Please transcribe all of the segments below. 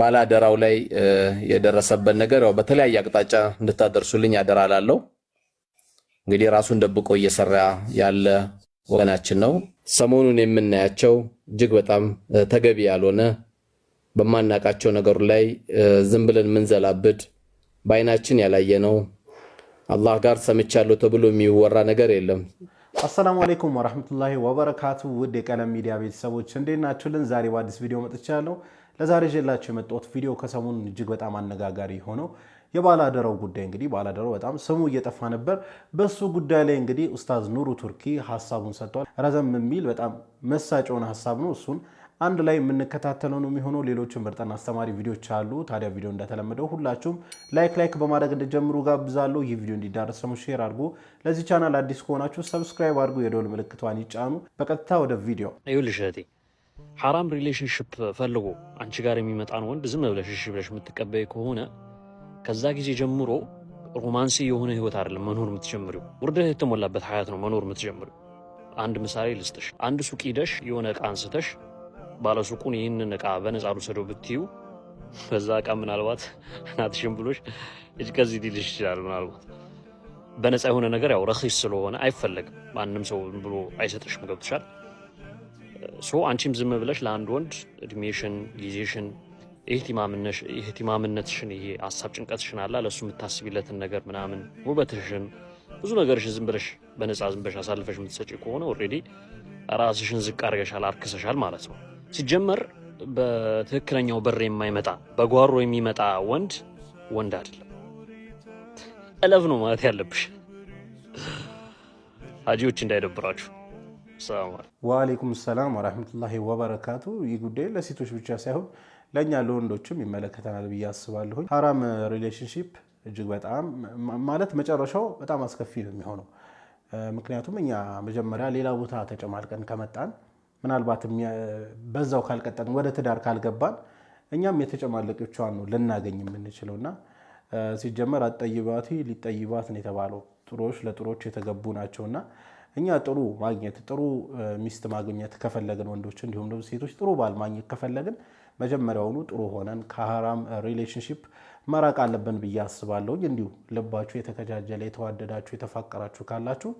ባላደራው ላይ የደረሰበት ነገር ያው በተለያየ አቅጣጫ እንድታደርሱልኝ አደራ ላለው እንግዲህ ራሱን ደብቆ እየሰራ ያለ ወገናችን ነው። ሰሞኑን የምናያቸው እጅግ በጣም ተገቢ ያልሆነ በማናቃቸው ነገሩ ላይ ዝም ብለን የምንዘላብድ በአይናችን ያላየ ነው። አላህ ጋር ሰምቻለሁ ተብሎ የሚወራ ነገር የለም። አሰላሙ አለይኩም ወራህመቱላሂ ወበረካቱ። ውድ የቀለም ሚዲያ ቤተሰቦች እንዴት ናችሁልን? ዛሬ በአዲስ ቪዲዮ መጥቻለሁ። ለዛሬ ይዤላችሁ የመጣሁት ቪዲዮ ከሰሞኑን እጅግ በጣም አነጋጋሪ ሆነው የባላደራው ጉዳይ እንግዲህ ባላደራው በጣም ስሙ እየጠፋ ነበር። በሱ ጉዳይ ላይ እንግዲህ ኡስታዝ ኑሩ ቱርኪ ሀሳቡን ሰጥቷል። ረዘም የሚል በጣም መሳጭ የሆነ ሀሳብ ነው። እሱን አንድ ላይ የምንከታተለው ነው የሚሆነው። ሌሎችን ምርጥና አስተማሪ ቪዲዮች አሉ። ታዲያ ቪዲዮ እንደተለመደው ሁላችሁም ላይክ ላይክ በማድረግ እንደጀምሩ ጋብዛለሁ። ይህ ቪዲዮ እንዲዳረስ ሼር አድርጎ፣ ለዚህ ቻናል አዲስ ከሆናችሁ ሰብስክራይብ አድርጉ፣ የደወል ምልክቷን ይጫኑ። በቀጥታ ወደ ቪዲዮ ይኸውልሽ እህቴ ሐራም ሪሌሽንሽፕ ፈልጎ አንቺ ጋር የሚመጣን ወንድ ዝም ብለሽ እሺ ብለሽ የምትቀበይ ከሆነ ከዛ ጊዜ ጀምሮ ሮማንሲ የሆነ ህይወት አይደለም መኖር የምትጀምሪው፣ ውርደት የተሞላበት ሀያት ነው መኖር የምትጀምሪው። አንድ ምሳሌ ልስጥሽ። አንድ ሱቅ ሂደሽ የሆነ እቃ አንስተሽ ባለሱቁን ይህንን እቃ በነፃ ልውሰደው ብትዩ በዛ እቃ ምናልባት እናትሽን ብሎሽ እጅ ከዚህ ሊልሽ ይችላል። ምናልባት በነፃ የሆነ ነገር ያው ረኺስ ስለሆነ አይፈለግም፣ ማንም ሰው ብሎ አይሰጥሽም። ገብትሻል አንቺም ዝም ብለሽ ለአንድ ወንድ እድሜሽን፣ ጊዜሽን፣ የህቲማምነትሽን ይሄ ሀሳብ ጭንቀትሽን አላ ለእሱ የምታስቢለትን ነገር ምናምን ውበትሽን ብዙ ነገርሽ ዝም ብለሽ በነፃ ዝም ብለሽ አሳልፈሽ የምትሰጪ ከሆነ ኦልሬዲ ራስሽን ዝቅ አድርገሻል፣ አርክሰሻል ማለት ነው። ሲጀመር በትክክለኛው በር የማይመጣ በጓሮ የሚመጣ ወንድ ወንድ አይደለም፣ ጠለብ ነው ማለት ያለብሽ። ሀጂዎች እንዳይደብራችሁ። ወአሌይኩም ሰላም ወራህመቱላሂ ወበረካቱ። ይህ ጉዳይ ለሴቶች ብቻ ሳይሆን ለእኛ ለወንዶችም ይመለከተናል ብዬ አስባለሁኝ። ሀራም ሪሌሽንሽፕ እጅግ በጣም ማለት መጨረሻው በጣም አስከፊ ነው የሚሆነው። ምክንያቱም እኛ መጀመሪያ ሌላ ቦታ ተጨማልቀን ከመጣን ምናልባት በዛው ካልቀጠን ወደ ትዳር ካልገባን እኛም የተጨማለቀችዋን ነው ልናገኝ የምንችለው እና ሲጀመር አጠይባት ሊጠይባት ነው የተባለው። ጥሮች ለጥሮች የተገቡ ናቸውና እኛ ጥሩ ማግኘት ጥሩ ሚስት ማግኘት ከፈለግን ወንዶች እንዲሁም ደግሞ ሴቶች ጥሩ ባል ማግኘት ከፈለግን መጀመሪያውኑ ጥሩ ሆነን ከሀራም ሪሌሽንሽፕ መራቅ አለብን ብዬ አስባለሁ። እንዲሁ ልባችሁ የተከጃጀለ የተዋደዳችሁ የተፋቀራችሁ ካላችሁ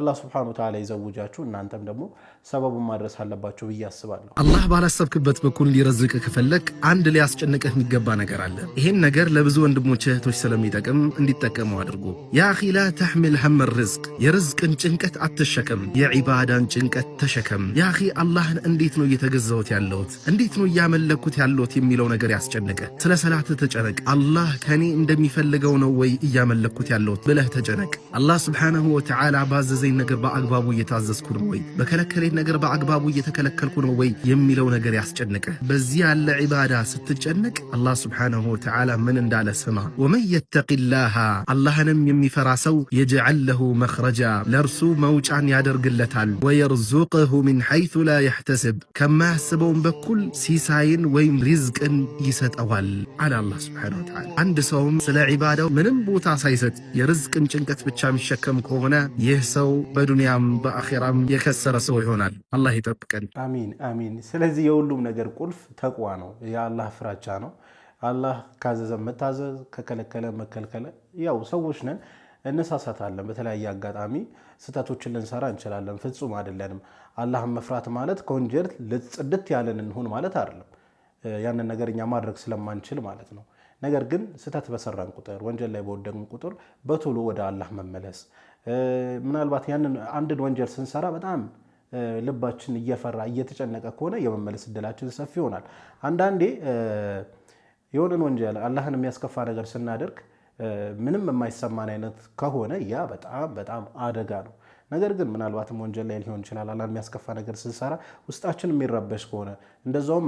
አላህ ስብሐነሁ ወተዓላ ይዘውጃችሁ። እናንተም ደግሞ ሰበቡን ማድረስ አለባችሁ ብዬ አስባለሁ። አላህ ባላሰብክበት በኩል ሊረዝቅ ከፈለግ አንድ ሊያስጨንቅህ የሚገባ ነገር አለ። ይሄን ነገር ለብዙ ወንድሞች እህቶች ስለሚጠቅም እንዲጠቀሙ አድርጎ ያ አኺ ላ ተሕሚል ሀመ ርዝቅ፣ የርዝቅን ጭንቀት አትሸከም፣ የዒባዳን ጭንቀት ተሸከም። ያ አላህን እንዴት ነው እየተገዛሁት ያለሁት እንዴት ነው እያመለኩት ያለሁት የሚለው ነገር ያስጨንቀ። ስለ ሰላት ተጨነቅ። አላህ ከኔ እንደሚፈልገው ነው ወይ እያመለኩት ያለሁት ብለህ ተጨነቅ። አላህ ስብሐነሁ ወተዓላ ባዘዘ በከለከለኝ ነገር በአግባቡ እየታዘዝኩ ነው ወይ? በከለከለኝ ነገር በአግባቡ እየተከለከልኩ ነው ወይ የሚለው ነገር ያስጨንቀ። በዚህ ያለ ዒባዳ ስትጨነቅ አላህ ስብሓንሁ ወተዓላ ምን እንዳለ ስማ። ወመን የተቂላሃ አላህንም የሚፈራ ሰው የጅዓል ለሁ መኽረጃ ለእርሱ መውጫን ያደርግለታል። ወየርዙቅሁ ምን ሐይቱ ላ ያሕተስብ ከማያስበውን በኩል ሲሳይን ወይም ሪዝቅን ይሰጠዋል አለ አላህ ስብሓነሁ ወተዓላ። አንድ ሰውም ስለ ዒባዳው ምንም ቦታ ሳይሰጥ የርዝቅን ጭንቀት ብቻ የሚሸከም ከሆነ ይህ ሰው ሰው በዱንያም በአኼራም የከሰረ ሰው ይሆናል። አላህ ይጠብቀን። አሚን አሚን። ስለዚህ የሁሉም ነገር ቁልፍ ተቅዋ ነው፣ የአላህ ፍራቻ ነው። አላህ ካዘዘ መታዘዝ፣ ከከለከለ መከልከለ። ያው ሰዎች ነን እነሳሳታለን። በተለያየ አጋጣሚ ስህተቶችን ልንሰራ እንችላለን። ፍጹም አይደለንም። አላህን መፍራት ማለት ከወንጀል ልጽድት ያለን እንሁን ማለት አይደለም። ያንን ነገር እኛ ማድረግ ስለማንችል ማለት ነው። ነገር ግን ስህተት በሰራን ቁጥር፣ ወንጀል ላይ በወደቅን ቁጥር በቶሎ ወደ አላህ መመለስ ምናልባት ያንን አንድን ወንጀል ስንሰራ በጣም ልባችን እየፈራ እየተጨነቀ ከሆነ የመመለስ እድላችን ሰፊ ይሆናል። አንዳንዴ የሆነን ወንጀል አላህን የሚያስከፋ ነገር ስናደርግ ምንም የማይሰማን አይነት ከሆነ ያ በጣም በጣም አደጋ ነው። ነገር ግን ምናልባትም ወንጀል ላይ ሊሆን ይችላል አላ የሚያስከፋ ነገር ስንሰራ ውስጣችን የሚረበሽ ከሆነ እንደዛውም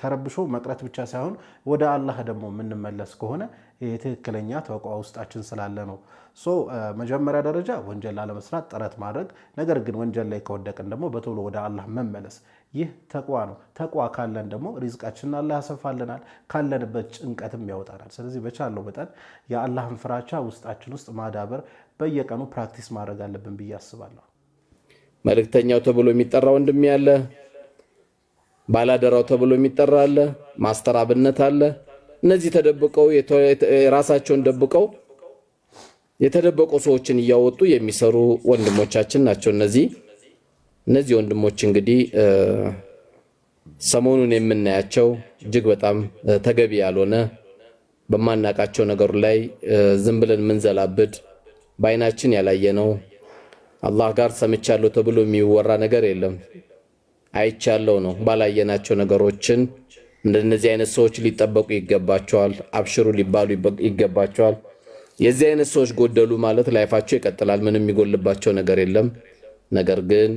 ተረብሾ መቅረት ብቻ ሳይሆን ወደ አላህ ደግሞ የምንመለስ ከሆነ የትክክለኛ ተቋ ውስጣችን ስላለ ነው። ሶ መጀመሪያ ደረጃ ወንጀል ላለመስራት ጥረት ማድረግ፣ ነገር ግን ወንጀል ላይ ከወደቅን ደግሞ በቶሎ ወደ አላህ መመለስ ይህ ተቅዋ ነው። ተቅዋ ካለን ደግሞ ሪዝቃችንን አላህ ያሰፋልናል፣ ካለንበት ጭንቀትም ያወጣናል። ስለዚህ በቻለው መጠን የአላህን ፍራቻ ውስጣችን ውስጥ ማዳበር በየቀኑ ፕራክቲስ ማድረግ አለብን ብዬ አስባለሁ። መልእክተኛው ተብሎ የሚጠራ ወንድሜ አለ፣ ባላደራው ተብሎ የሚጠራ አለ፣ ማስተራብነት አለ። እነዚህ ተደብቀው የራሳቸውን ደብቀው የተደበቁ ሰዎችን እያወጡ የሚሰሩ ወንድሞቻችን ናቸው እነዚህ እነዚህ ወንድሞች እንግዲህ ሰሞኑን የምናያቸው እጅግ በጣም ተገቢ ያልሆነ በማናቃቸው ነገሩ ላይ ዝም ብለን የምንዘላብድ በአይናችን ያላየነው አላህ ጋር ሰምቻለሁ ተብሎ የሚወራ ነገር የለም። አይቻለው ነው። ባላየናቸው ነገሮችን እንደነዚህ አይነት ሰዎች ሊጠበቁ ይገባቸዋል። አብሽሩ ሊባሉ ይገባቸዋል። የዚህ አይነት ሰዎች ጎደሉ ማለት ላይፋቸው ይቀጥላል። ምንም የሚጎልባቸው ነገር የለም። ነገር ግን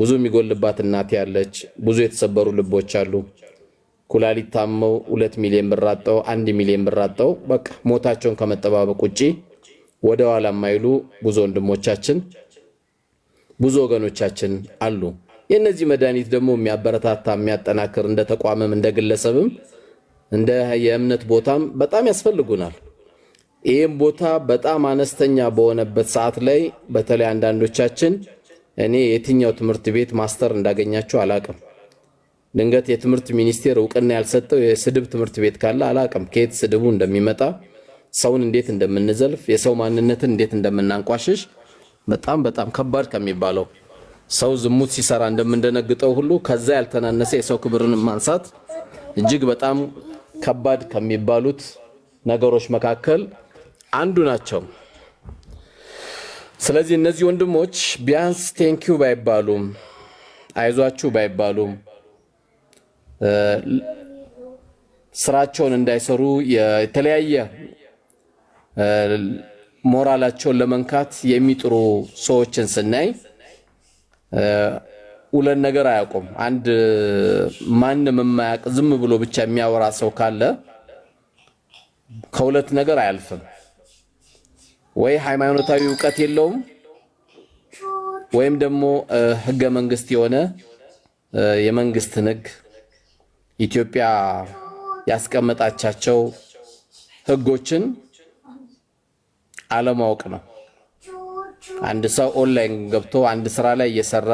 ብዙ የሚጎልባት እናት ያለች፣ ብዙ የተሰበሩ ልቦች አሉ። ኩላሊት ታመው ሁለት ሚሊዮን ብር አጠው አንድ ሚሊዮን ብር አጠው በቃ ሞታቸውን ከመጠባበቅ ውጭ ወደ ኋላ የማይሉ ብዙ ወንድሞቻችን ብዙ ወገኖቻችን አሉ። የእነዚህ መድኃኒት ደግሞ የሚያበረታታ የሚያጠናክር እንደ ተቋምም እንደ ግለሰብም እንደ የእምነት ቦታም በጣም ያስፈልጉናል። ይህም ቦታ በጣም አነስተኛ በሆነበት ሰዓት ላይ በተለይ አንዳንዶቻችን እኔ የትኛው ትምህርት ቤት ማስተር እንዳገኛችሁ አላቅም። ድንገት የትምህርት ሚኒስቴር እውቅና ያልሰጠው የስድብ ትምህርት ቤት ካለ አላቅም፣ ከየት ስድቡ እንደሚመጣ ሰውን እንዴት እንደምንዘልፍ የሰው ማንነትን እንዴት እንደምናንቋሽሽ በጣም በጣም ከባድ ከሚባለው ሰው ዝሙት ሲሰራ እንደምንደነግጠው ሁሉ ከዛ ያልተናነሰ የሰው ክብርን ማንሳት እጅግ በጣም ከባድ ከሚባሉት ነገሮች መካከል አንዱ ናቸው። ስለዚህ እነዚህ ወንድሞች ቢያንስ ቴንኪው ባይባሉም አይዟችሁ ባይባሉም ስራቸውን እንዳይሰሩ የተለያየ ሞራላቸውን ለመንካት የሚጥሩ ሰዎችን ስናይ ሁለት ነገር አያውቁም። አንድ ማንም የማያውቅ ዝም ብሎ ብቻ የሚያወራ ሰው ካለ ከሁለት ነገር አያልፍም። ወይ ሃይማኖታዊ እውቀት የለውም ወይም ደግሞ ህገ መንግስት የሆነ የመንግስትን ህግ ኢትዮጵያ ያስቀመጣቻቸው ህጎችን አለማወቅ ነው። አንድ ሰው ኦንላይን ገብቶ አንድ ስራ ላይ እየሰራ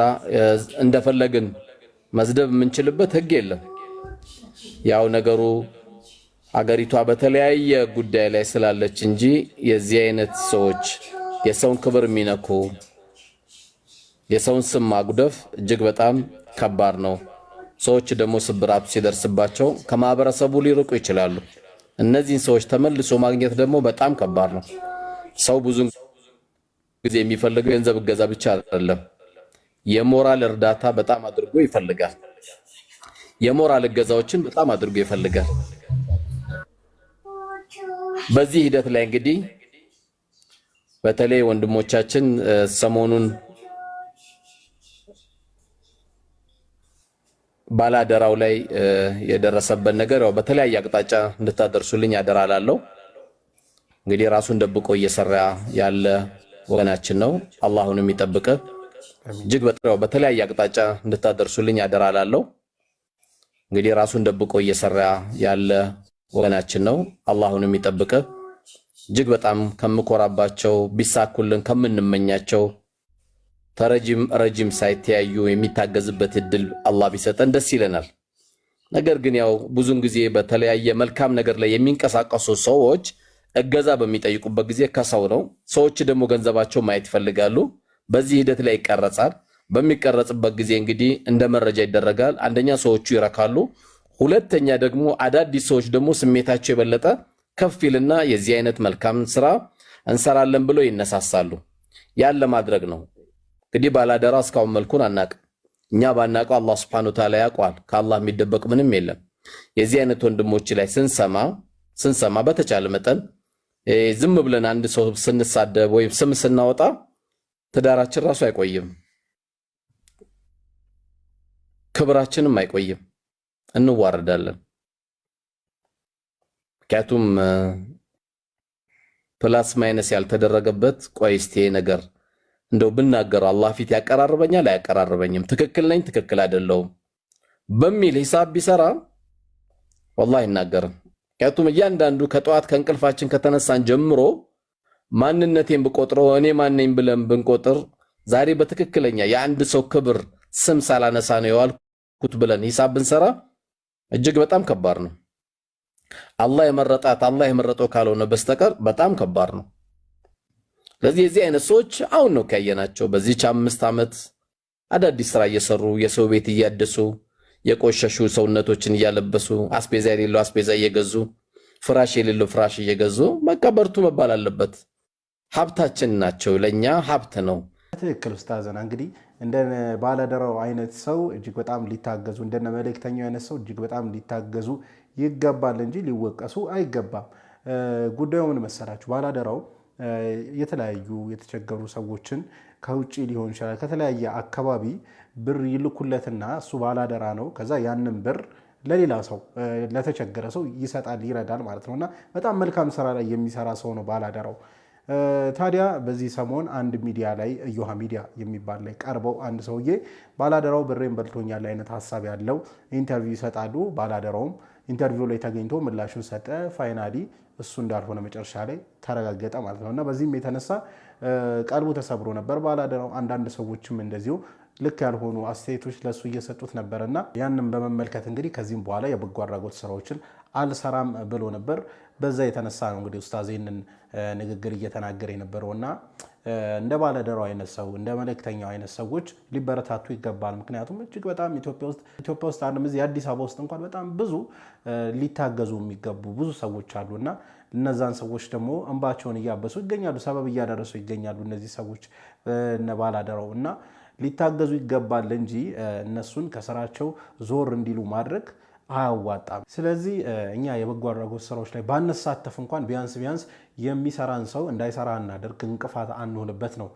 እንደፈለግን መዝደብ የምንችልበት ህግ የለም። ያው ነገሩ አገሪቷ በተለያየ ጉዳይ ላይ ስላለች እንጂ የዚህ አይነት ሰዎች የሰውን ክብር የሚነኩ የሰውን ስም ማጉደፍ እጅግ በጣም ከባድ ነው። ሰዎች ደግሞ ስብራቱ ሲደርስባቸው ከማህበረሰቡ ሊርቁ ይችላሉ። እነዚህን ሰዎች ተመልሶ ማግኘት ደግሞ በጣም ከባድ ነው። ሰው ብዙ ጊዜ የሚፈልገው ገንዘብ እገዛ ብቻ አይደለም፣ የሞራል እርዳታ በጣም አድርጎ ይፈልጋል። የሞራል እገዛዎችን በጣም አድርጎ ይፈልጋል። በዚህ ሂደት ላይ እንግዲህ በተለይ ወንድሞቻችን ሰሞኑን ባላደራው ላይ የደረሰበት ነገር ያው በተለያየ አቅጣጫ እንድታደርሱልኝ አደራ ላለው እንግዲህ ራሱን ደብቆ እየሰራ ያለ ወገናችን ነው። አላሁንም ይጠብቅ። እጅግ በተለያየ አቅጣጫ እንድታደርሱልኝ አደራ ላለው እንግዲህ ራሱን ደብቆ እየሰራ ያለ ወገናችን ነው። አላሁን የሚጠብቅህ እጅግ በጣም ከምኮራባቸው ቢሳኩልን ከምንመኛቸው ተረጅም ረጅም ሳይተያዩ የሚታገዝበት እድል አላህ ቢሰጠን ደስ ይለናል። ነገር ግን ያው ብዙን ጊዜ በተለያየ መልካም ነገር ላይ የሚንቀሳቀሱ ሰዎች እገዛ በሚጠይቁበት ጊዜ ከሰው ነው። ሰዎች ደግሞ ገንዘባቸው ማየት ይፈልጋሉ። በዚህ ሂደት ላይ ይቀረጻል። በሚቀረጽበት ጊዜ እንግዲህ እንደ መረጃ ይደረጋል። አንደኛ ሰዎቹ ይረካሉ። ሁለተኛ ደግሞ አዳዲስ ሰዎች ደግሞ ስሜታቸው የበለጠ ከፍ ይልና የዚህ አይነት መልካም ስራ እንሰራለን ብለው ይነሳሳሉ። ያን ለማድረግ ነው እንግዲህ ባላደራ እስካሁን መልኩን አናቅ እኛ ባናቀው አላህ ስብሐነሁ ወተዓላ ያውቀዋል። ከአላህ የሚደበቅ ምንም የለም። የዚህ አይነት ወንድሞች ላይ ስንሰማ ስንሰማ በተቻለ መጠን ዝም ብለን አንድ ሰው ስንሳደብ ወይም ስም ስናወጣ ትዳራችን ራሱ አይቆይም፣ ክብራችንም አይቆይም። እንዋረዳለን። ምክንያቱም ፕላስ ማይነስ ያልተደረገበት ቆይስቴ ነገር እንደው ብናገረው አላህ ፊት ያቀራርበኛል አያቀራርበኝም፣ ትክክል ነኝ ትክክል አይደለውም በሚል ሂሳብ ቢሰራ ወላሂ አይናገርም። ምክንያቱም እያንዳንዱ ከጠዋት ከእንቅልፋችን ከተነሳን ጀምሮ ማንነቴን ብቆጥረው እኔ ማነኝ ብለን ብንቆጥር ዛሬ በትክክለኛ የአንድ ሰው ክብር ስም ሳላነሳ ነው የዋልኩት ብለን ሂሳብ ብንሰራ እጅግ በጣም ከባድ ነው። አላህ የመረጣት አላህ የመረጠው ካልሆነ በስተቀር በጣም ከባድ ነው። ስለዚህ የዚህ አይነት ሰዎች አሁን ነው ከያየናቸው። በዚች አምስት ዓመት አዳዲስ ስራ እየሰሩ የሰው ቤት እያደሱ የቆሸሹ ሰውነቶችን እያለበሱ አስቤዛ የሌለው አስቤዛ እየገዙ ፍራሽ የሌለው ፍራሽ እየገዙ መቀበርቱ መባል አለበት። ሀብታችን ናቸው፣ ለእኛ ሀብት ነው። ትክክል ኡስታዝና እንግዲህ እንደ ባለደራው አይነት ሰው እጅግ በጣም ሊታገዙ እንደነ መልእክተኛው አይነት ሰው እጅግ በጣም ሊታገዙ ይገባል እንጂ ሊወቀሱ አይገባም። ጉዳዩ ምን መሰላችሁ? ባላደራው የተለያዩ የተቸገሩ ሰዎችን ከውጭ ሊሆን ይችላል ከተለያየ አካባቢ ብር ይልኩለትና እሱ ባላደራ ነው። ከዛ ያንን ብር ለሌላ ሰው ለተቸገረ ሰው ይሰጣል፣ ይረዳል ማለት ነው። እና በጣም መልካም ስራ ላይ የሚሰራ ሰው ነው ባላደራው። ታዲያ በዚህ ሰሞን አንድ ሚዲያ ላይ እዮሃ ሚዲያ የሚባል ላይ ቀርበው አንድ ሰውዬ ባላደራው ብሬን በልቶኛል አይነት ሀሳብ ያለው ኢንተርቪው ይሰጣሉ። ባላደራውም ኢንተርቪው ላይ ተገኝቶ ምላሹን ሰጠ። ፋይናሊ እሱ እንዳልሆነ መጨረሻ ላይ ተረጋገጠ ማለት ነው እና በዚህም የተነሳ ቀልቡ ተሰብሮ ነበር ባላደራው። አንዳንድ ሰዎችም እንደዚሁ ልክ ያልሆኑ አስተያየቶች ለእሱ እየሰጡት ነበር እና ያንም በመመልከት እንግዲህ ከዚህም በኋላ የበጎ አድራጎት ስራዎችን አልሰራም ብሎ ነበር። በዛ የተነሳ ነው እንግዲህ ኡስታዝ ይህንን ንግግር እየተናገረ የነበረው እና እንደ ባለደራው አይነት ሰው እንደ መልእክተኛው አይነት ሰዎች ሊበረታቱ ይገባል። ምክንያቱም እጅግ በጣም ኢትዮጵያ ውስጥ ኢትዮጵያ ውስጥ አንድ እዚህ አዲስ አበባ ውስጥ እንኳን በጣም ብዙ ሊታገዙ የሚገቡ ብዙ ሰዎች አሉ እና እነዛን ሰዎች ደግሞ እንባቸውን እያበሱ ይገኛሉ፣ ሰበብ እያደረሱ ይገኛሉ። እነዚህ ሰዎች እነ እና ሊታገዙ ይገባል እንጂ እነሱን ከስራቸው ዞር እንዲሉ ማድረግ አያዋጣም። ስለዚህ እኛ የበጎ አድራጎት ስራዎች ላይ ባንሳተፍ እንኳን ቢያንስ ቢያንስ የሚሰራን ሰው እንዳይሰራ እናደርግ፣ እንቅፋት አንሆንበት ነው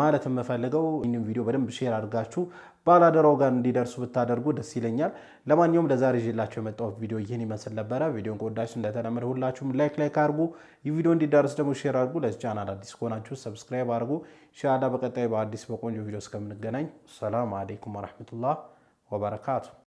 ማለት የምፈልገው ይህንም ቪዲዮ በደንብ ሼር አድርጋችሁ ባላደራው ጋር እንዲደርሱ ብታደርጉ ደስ ይለኛል። ለማንኛውም ለዛሬ ይዤላቸው የመጣሁት ቪዲዮ ይህን ይመስል ነበረ። ቪዲዮን ከወዳችሁ እንደተለመደ ሁላችሁም ላይክ ላይክ አድርጉ። ይህ ቪዲዮ እንዲዳረስ ደግሞ ሼር አድርጉ። ለዚህ ቻናል አዲስ ከሆናችሁ ሰብስክራይብ አድርጉ። ሻላ በቀጣይ በአዲስ በቆንጆ ቪዲዮ እስከምንገናኝ ሰላም አለይኩም ወረሕመቱላህ ወበረካቱ።